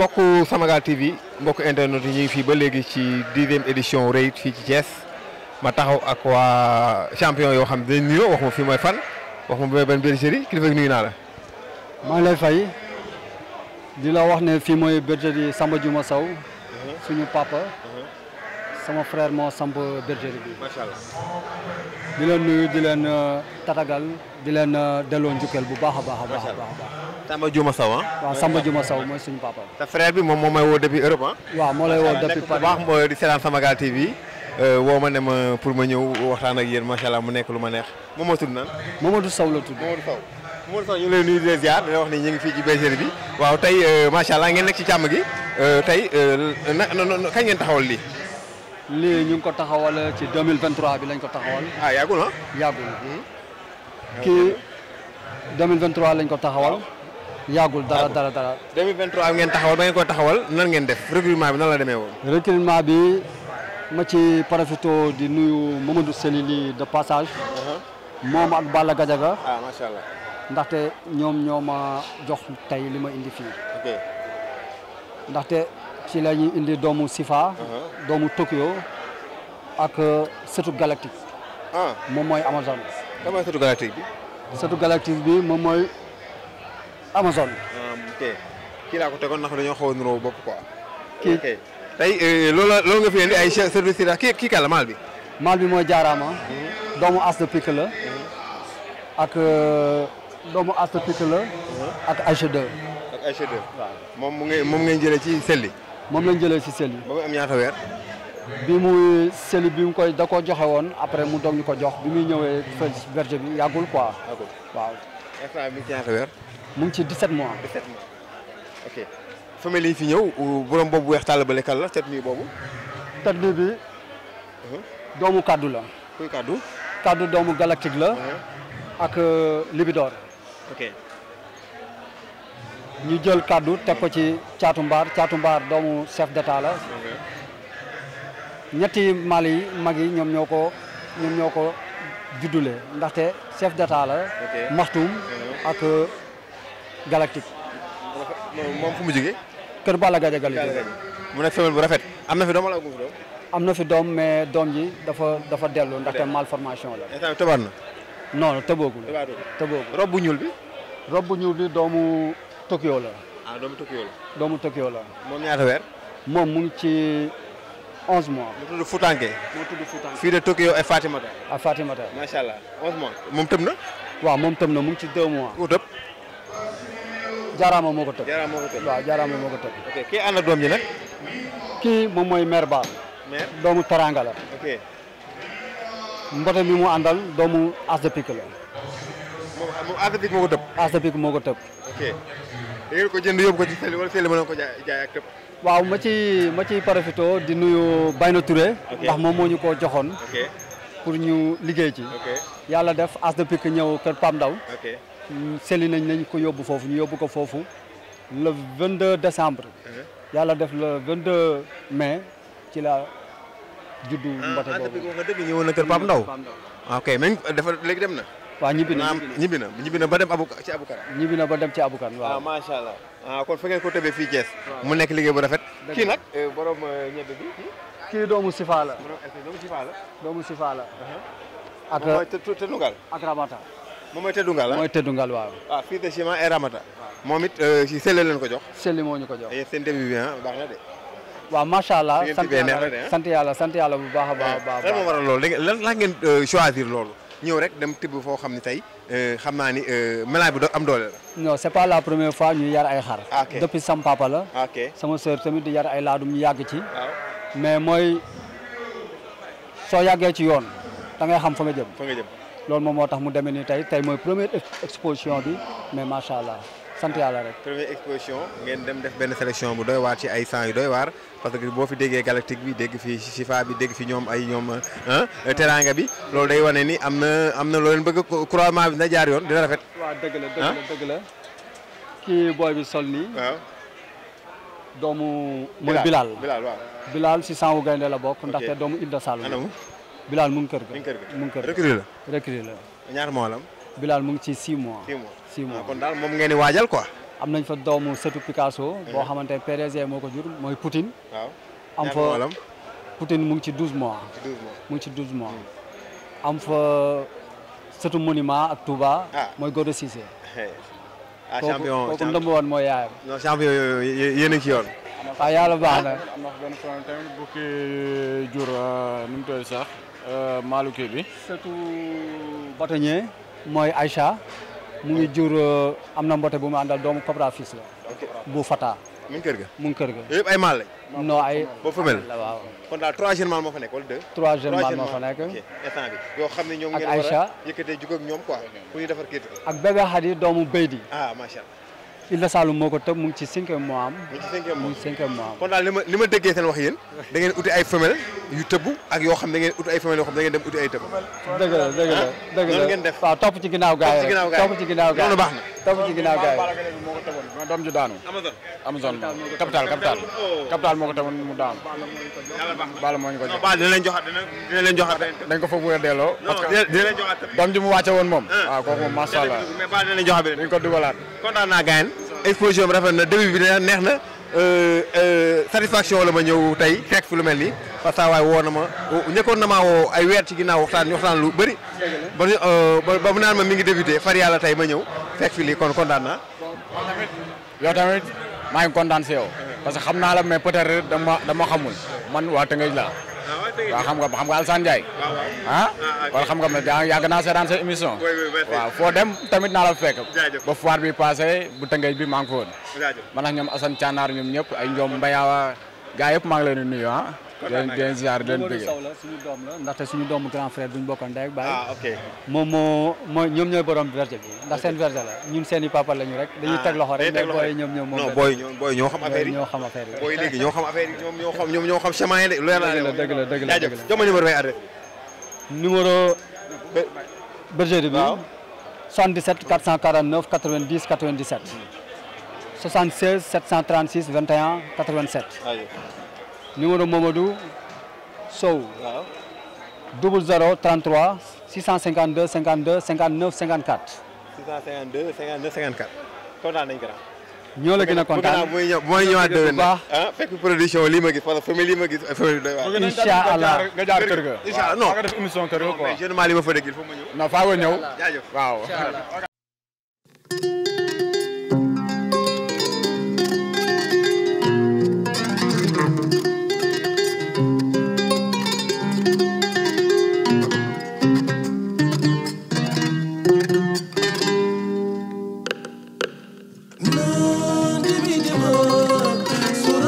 mbokku Samagal TV mbokku internet yi ñu ngi fii ba léegi ci dixième édition Réit fii ci Thiès ma taxaw ak waa champion yoo xam ne dañ nuyoo wax ma fii mooy fan wax ma ba benn bergerie kilifa gi nuyu naa la. maa lay fay di la wax ne fii mooy bergerie Samba Juma Sow mhm. suñu papa. Mhm. sama frère moo samp bergerie bi. macha allah di leen di leen euh, tatagal di leen euh, delloo njukkal bu baax a baax a baax a baax. Samba Juma Sow ah. waaw Samba Juma Sow mooy suñu papa. bi moom moo may woo depuis Europe ah. waaw moo lay woo depuis Paris bu baax di seetaan Samagal TV. Euh, woo ma ne ma pour ma ñëw waxtaan ak yéen macha allah mu nekk lu ma neex moom moo tudd naan. Mamadou Sow la tudd Mamadou Sow. Mamadou Sow ñu ngi lay nuyu di leen ziar di wax ni ñu ngi ma ci bergerie bi. waaw tey allah ngeen nekk ci càmm gi tey na kañ ngeen taxawal lii. lii ñu ngi ko taxawal ci 2023 bi lañ ko taxawal. ah yàggul ah. yàggul kii 2023 lañ ko taxawal. yàggul dara dara dara. 2023 ngeen taxawal ba ngeen ko taxawal nan ngeen def recrutement bi na la demee woon. recrutement bi ma ci profito di nuyu Mamadou Selili de passage. Uh-huh. moom ak Balla Gadiaga. ah ndaxte ñoom ñoo ma jox tey li ma indi fii. ok ndaxte ci la indi doomu Sifa. Uh-huh. doomu Tokyo ak euh, sëtu galactique. ah moom mooy Amazon. lan mooy sëtu galactique bi. sëtu galactique bi moom mooy Amazon. Um, ok tegoon ndax dañoo xaw a nuroo bopp quoi. kii ok tey euh, loolu nga fi indi ay service yi kii kii kàlla maal bi. maal bi mooy jaaraama. Mhm. doomu as de la. Mhm. ak euh, doomu as de la. Mhm. ak H2. ak waaw moom mu ngi moom ngeen jëlee ci selli moom lañ jële ci selli ba mu am ñaata weer. bi mu seli bi mu koy da ko joxe woon après mu doog ñu ko jox bi muy ñëwee fële berger bi yàggul quoi. yàggul waaw. mu ngi ci 17 mois. 17 mois ok. femelle yi fi ñëw borom boobu weex tàll bale kan la tet nii boobu. tet nii bi. Uh-huh. doomu kaddu la. kuy kaddu. doomu galactique la. Uh-huh. ak euh, libidoor. ñu jël kàddu teg ko ci caatu mbaar caatu mbaar doomu chef d'état la. ñetti mal yi mag yi ñoom ñoo ko ñoo ko juddule ndaxte chef d'état la. maxtuum ak euh, galactique. moom fu mu jógee. kër bala Gaye galactique. mu nekk bu rafet. am na fi doom wala am na fi doom mais doom ji dafa dafa dellu ndaxte malformation la. état bi tëbaat rob bu ñuul bi. rob bu ñuul bi doomu Tokyo la. ah doomu Tokyo la. doomu Tokyo la. moom ñaata weer. moom mu ci. 11 mois. mu tudd Foutanké. mu tudd Foutanké fii de Tokyo et Fatimata. ah Fatimata. macha allah 11 mois. moom tëb na. waaw moom tëb na mu ngi ci mois. ku moo ko tëb. waaw jaaraama moo ko tëb. ok kii doom ji nag. kii moom mooy mère Ba. mère doomu Taranga mbote mi mu àndal doomu As de Pique la. moom As de Pique moo ko tëb. As de Pique moo ko tëb. da ngeen ko jënd yóbbu ko ci sel wala sel mën na ko jaay jaay ak tëb. waaw ma ci ma ciy profité di nuyu Bayna ture ndax moom moo ñu koo joxoon. pour ñu liggéey ci. yàlla def as de pique ñëw kër Pam Ndaw seli nañ nañ ko yóbbu foofu ñu yóbbu ko foofu le 22 décembre. yàlla def le 22 mai ci la juddu. mbate boobu ah as de pique wax nga dëgg ñëwoon kër Pam Ndaw ok même dafa léegi dem na. waaw ñibbi na ñibbi na ñibbi na ba dem abu ci abukan ñibbi na ba dem ci abukan waaw ah macha allah ah kon fa ko tëbee fii Thiès mu nekk liggéey bu rafet kii nag eh, borom eh, ñebe bi eh, kii doomu Sifa la doomu Sifa la la uh-huh. ak Tëddungal ak Ramata moom mooy Tëddungal ah? mooy Tëddungal waaw waaw ah, fils de Chima et Ramata moom it si leen ko jox Sélé moo ñu ko jox seen début bi ah, baax na de waaw macha allah sant yàlla sant yàlla sant yàlla bu baax a baax a baax lan moo waral loolu lan ngeen choisir loolu ñëw rek dem tibb foo xam ne tey euh, xam naa ni euh, mélange bi do am doole la. non c'est pas la première fois ñu yar ay xar. Ah, depuis sam papa la. Ah, sama sœur tamit di yar ay laadum ñu yàgg ci. mais mooy soo yàggee ci yoon da ngay xam fa nga jëm. fa nga loolu moom moo tax mu demee nii tey tey mooy première exposition bi mais macha allah. sant yalla rek. premier exposition ngeen dem def ben sélection bu doy war ci ay sang yu doy war parce que bo fi déggé galactique bi dégg fi Chifa bi dégg fi ñom ay ñom hein teranga bi loolu day wone ni amna amna lo leen bëgg croisement bi na jaar yoon dina rafet. wa dëgg la dëgg la dëgg la ki boy bi sol ni wa doomu. moy Bilal Bilal wa Bilal ci sangu gaynde la bokk. ndaxte doomu Ile de Saloum. Bilal mu ngi kër ga. mu ngi kër ga rek rek la rek la. ñaar moo la Bilal mu ngi ci 6 mois. 6 mois ah, kon daal moom ngeen di waajal ko am nañ fa doomu sëtu Picasso. Mhm. boo xamante ne PDG moo ko jur mooy Poutine. am fa Poutine mu ngi ci 12 mois. mu ci 12 mois. Mhm. am fa sëtu monument ak Touba. Ah. mooy Godo Cissé. ah champion kooku ndëmb mooy yaayam. non champion yooyu yéen a ci yoon. waaw ah, baax na. am na benn problème tamit bu kii jur euh, nu mu sax euh, maaluke bi. sëtu bâtonnier. mooy ay cha mu ngi jur euh, am na mbote bu mu àndal doomu Cobra Fils la. bu Fata. mu kër ga mu ngi kër ga. yëpp ay mâle lañ. non ay boo femelle la waaw. kon daal trois jeunes mâles moo fa nekk wala deux. trois jeunes mâles moo yoo xam ne ñoom ngeen war a yëkkatee jug ak ñoom quoi pour ñu ak bébé doomu Beydi. ah macha allah. Ila Saloum moo ko tëb mu ngi ci cinquième mois am. mu ngi ci cinquième mois mu ngi cinquième mois am. kon daal li ma li ma déggee seen wax yéen. da ngeen uti ay femelle yu tëbb ak yoo xam da ngeen uti ay femelle yoo xam da ngeen dem uti ay tëbb. dëgg la dëgg la dëgg la ngeen def waaw topp ci ginnaaw gars yi rek topp ci ginnaaw gars yi baax na. topp ci ginnaaw gars yi moo ko tëboon ma doom ju daanu. Amazon Amazon capital capital. Oh. capital moo ko tëboon mu daanu. Balla moo ñu ko jox. Balla ah, dina leen joxaat dina leen joxaat. dañ ko foog wër delloo. parce que dina leen joxaat doom ju mu wàcce woon moom. waaw kooku moom macha allah. mais Balla dina leen joxaat bi dañ ko dugalaat. kontaan naa gars exposition bi rafet na début bi neex na euh, euh, satisfaction la ma ñëw tey fekk fi lu mel nii parce que waaye woo na ma ñëkkoon na maa woo ay weer ci ginnaaw waxtaan ñu waxtaan lu bëri. Euh, ba ba mu naan ma mi ngi débuté far yàlla tey ma ñëw fekk fi lii kon kontaan naa. tamit maa ngi kontaan si yow. parce que xam naa la mais peut-être dama dama xamul man waa Tëngéej laa. waaw xam nga xam nga Alassane Ndiaye ah, ah, ah kon xam nga ma daa yàgg naa seetaan sa émission waaw foo dem tamit naa la fekk ba foire bi passé bu tëngëj bi maa ngi fa woon man ak ñoom Assane Thianar ñoom ñëpp ay ñoom Mbayawa gaa yëpp maa ngi leen di nuyu ah. kontaan nañ ziar leen bëgg Sow la suñu doom la ndaxte suñu doomu grand duñ bokkoon ndey ak ah, moom moo ñoom ñoom ñooy borom verge bi ndax seen verge la ñun seen i papa lañu rek. dañuy ah, teg loxo rek mais booy ñoom ñoom. non booy ñoom ñoo xam affaire yi ñoo xam affaire yi. booy ñoo xam affaire yi ñoom ñoo xam ñoom ñoo xam chemin yi de. dëgg la dëgg la dëgg la jox ma numéro bay adresse. numéro. bergerie bi. waaw 77 449 90 97. 76 Número Mamadou Sow. waaw 00 33 652 52 59 54. 652 59 54. kontaan nañu grand. ñoo la gën a kontaan bu may ñëwaat déwén nag ah fekk production lii ma gis wala famille lii ma gis famille doy waar. incha allah nga jaar kër ga. incha allah non nga def émission kër ga quoi. mais généralement li ma fa dégg il faut ma ñëw. non faa nga